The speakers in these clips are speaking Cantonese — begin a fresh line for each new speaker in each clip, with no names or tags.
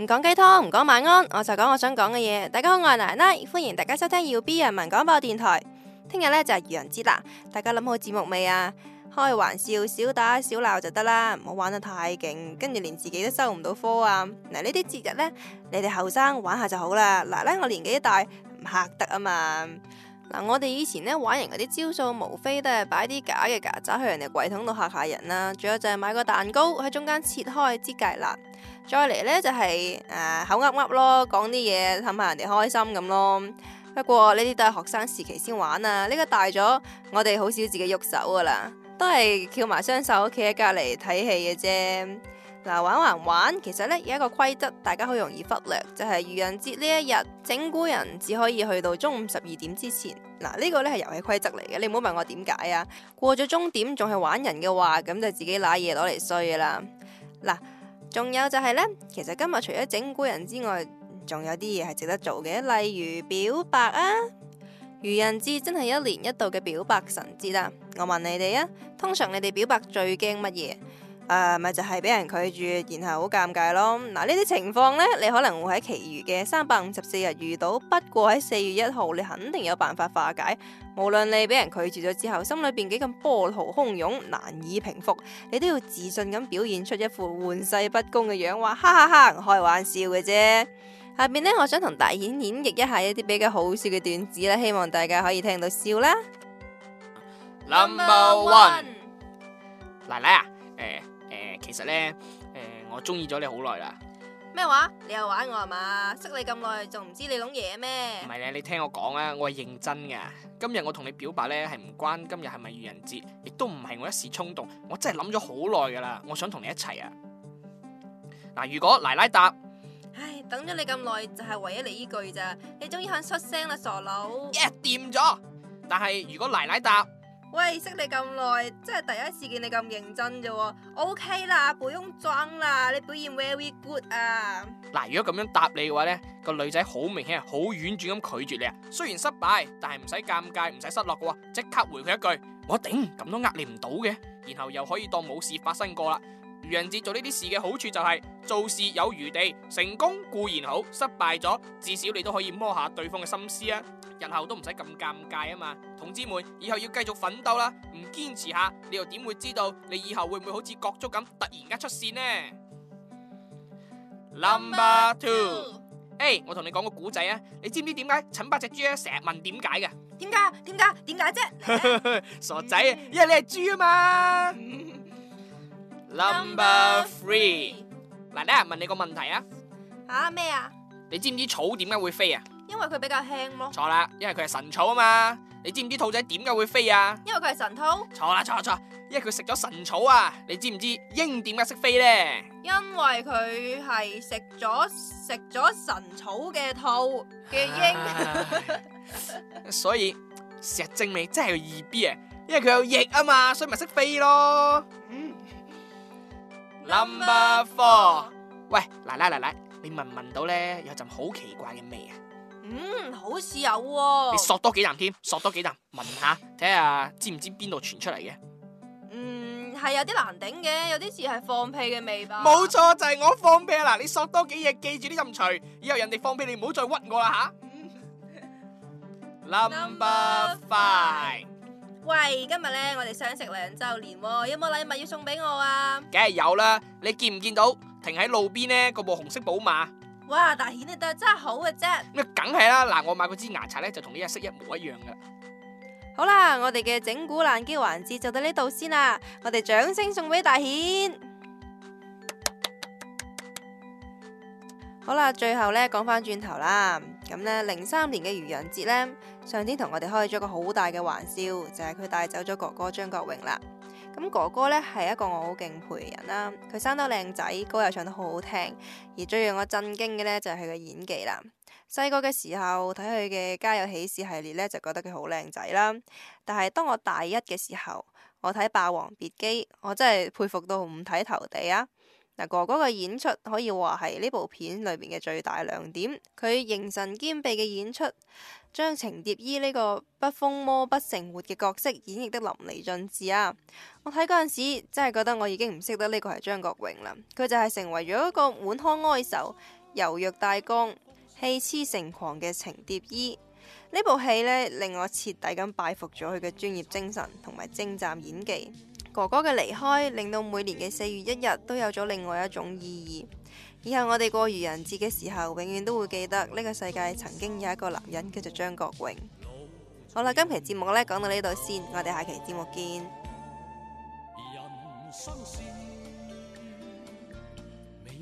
唔講雞湯，唔講晚安，我就講我想講嘅嘢。大家好，我係奶奶，歡迎大家收聽耀 B 人民廣播電台。聽日呢就係愚人節啦，大家諗好節目未啊？開玩笑，小打小鬧，就得啦，唔好玩得太勁，跟住連自己都收唔到科啊！嗱，呢啲節日呢，你哋後生玩下就好啦。奶奶我年紀大，唔吓得啊嘛。嗱，我哋以前呢玩人嗰啲招數，無非都係擺啲假嘅曱甴去人哋櫃桶度吓下人啦，仲有就係買個蛋糕喺中間切開支芥辣。再嚟呢就係誒口噏噏咯，講啲嘢氹下人哋開心咁咯。不過呢啲都係學生時期先玩啊，呢個大咗我哋好少自己喐手噶啦，都係翹埋雙手企喺隔籬睇戲嘅啫。嗱，玩還玩，玩，其實呢有一個規則，大家好容易忽略，就係愚人節呢一日整蠱人只可以去到中午十二點之前。嗱，呢個呢係遊戲規則嚟嘅，你唔好問我點解啊。過咗終點仲係玩人嘅話，咁就自己拿嘢攞嚟衰噶啦。嗱。仲有就係呢，其實今日除咗整蠱人之外，仲有啲嘢係值得做嘅，例如表白啊，愚人節真係一年一度嘅表白神節啊！我問你哋啊，通常你哋表白最驚乜嘢？誒，咪就係俾人拒絕，然後好尷尬咯。嗱、啊，呢啲情況呢，你可能會喺其餘嘅三百五十四日遇到，不過喺四月一號，你肯定有辦法化解。無論你俾人拒絕咗之後，心裏邊幾咁波濤洶湧，難以平復，你都要自信咁表現出一副玩世不恭嘅樣，話哈哈哈哈，開玩笑嘅啫。下面呢，我想同大顯演繹一下一啲比較好笑嘅段子啦，希望大家可以聽到笑啦。
Number one，奶奶啊，欸其實咧，誒、呃，我中意咗你好耐啦。
咩話？你又玩我係嘛？識你咁耐，仲唔知你諗嘢咩？
唔係咧，你聽我講啊，我係認真噶。今日我同你表白咧，係唔關今日係咪愚人節，亦都唔係我一時衝動，我真係諗咗好耐噶啦。我想同你一齊啊。嗱，如果奶奶答，
唉，等咗你咁耐，就係、是、為咗你呢句咋？你終於肯出聲啦，傻佬。一掂咗。但係如果奶奶答。喂，識你咁耐，真係第一次見你咁認真啫喎。O K 啦，不用裝啦，你表現 very good 啊！
嗱，如果咁樣答你嘅話呢，個女仔好明顯好婉轉咁拒絕你啊。雖然失敗，但係唔使尷尬，唔使失落喎。即刻回佢一句，我頂，咁都壓你唔到嘅。然後又可以當冇事發生過啦。愚人節做呢啲事嘅好處就係做事有餘地，成功固然好，失敗咗至少你都可以摸下對方嘅心思啊。日後都唔使咁尷尬啊嘛，同志們以後要繼續奮鬥啦！唔堅持下，你又點會知道你以後會唔會好似國足咁突然間出線呢？Number two，誒，我同你講個古仔啊，你知唔知點解陳八隻豬咧成日問點解嘅？點解？點解？點解啫？傻仔啊，因為你係豬啊嘛。Number three，嗱，等人問你個問題啊，
吓咩啊？
你知唔知草點解會飛啊？
因為佢比較輕咯。錯
啦，因為佢係神草啊嘛。你知唔知兔仔點解會飛啊？因
為佢係神兔。
錯啦，錯錯，因為佢食咗神草啊。你知唔知鷹點解識飛咧？
因為佢係食咗食咗神草嘅兔嘅鷹，鷹
所以石精味真係二 B 啊。因為佢有翼啊嘛，所以咪識飛咯。嗯、Number four, Number four，喂奶奶奶奶，你聞唔聞到咧，有陣好奇怪嘅味啊？
嗯，好似有喎。你索
多幾啖添，索多幾啖，聞下，睇下知唔知邊度傳出嚟嘅？
嗯，係有啲難頂嘅，有啲似係放屁嘅味吧？冇
錯，就係我放屁啦！你索多幾嘢，記住啲音隨，以後人哋放屁你唔好再屈我啦吓。
Number
five，
喂，今日咧，我哋相識兩周年，有冇禮物要送俾我啊？
梗係有啦！你見唔見到停喺路邊咧嗰部紅色寶馬？
哇！大顯，你對我真係好嘅。啊、啫，
梗係啦。嗱，我買嗰支牙刷咧，就同呢隻色一模一樣嘅。
好啦，我哋嘅整蠱爛機環節就到呢度先啦。我哋掌聲送俾大顯。好啦，最後咧講翻轉頭啦。咁呢，零三年嘅愚人節呢，上天同我哋開咗個好大嘅玩笑，就係佢帶走咗哥哥張國榮啦。咁哥哥呢，係一個我好敬佩嘅人啦，佢生得靚仔，歌又唱得好好聽，而最讓我震驚嘅呢，就係佢嘅演技啦。細個嘅時候睇佢嘅《家有喜事》系列呢，就覺得佢好靚仔啦，但係當我大一嘅時候，我睇《霸王別姬》，我真係佩服到五體投地啊！嗱，哥哥嘅演出可以話係呢部片裏面嘅最大亮點，佢形神兼備嘅演出。將程蝶衣呢個不瘋魔不成活嘅角色演繹得淋漓盡致啊！我睇嗰陣時真係覺得我已經唔識得呢個係張國榮啦，佢就係成為咗一個滿腔哀愁、柔弱大江、戲癡成狂嘅程蝶衣。呢部戲呢，令我徹底咁拜服咗佢嘅專業精神同埋精湛演技。哥哥嘅離開令到每年嘅四月一日都有咗另外一種意義。以後我哋過愚人節嘅時候，永遠都會記得呢個世界曾經有一個男人叫做張國榮。好啦，今期節目呢講到呢度先，我哋下期節目見。人生是
美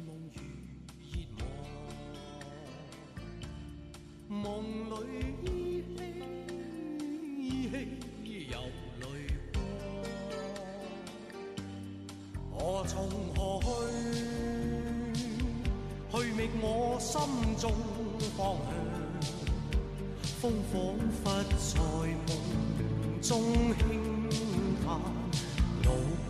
夢，我心中方向，風仿佛在夢中輕嘆。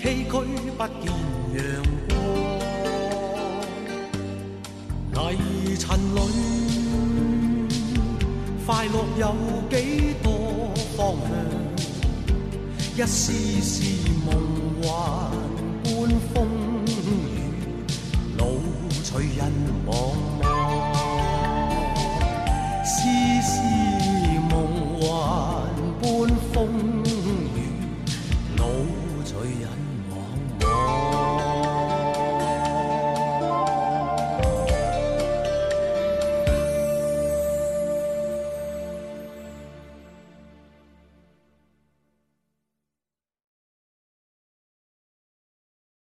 崎嶇不見
陽光，
泥塵裏快樂有幾多方向？一絲絲夢幻。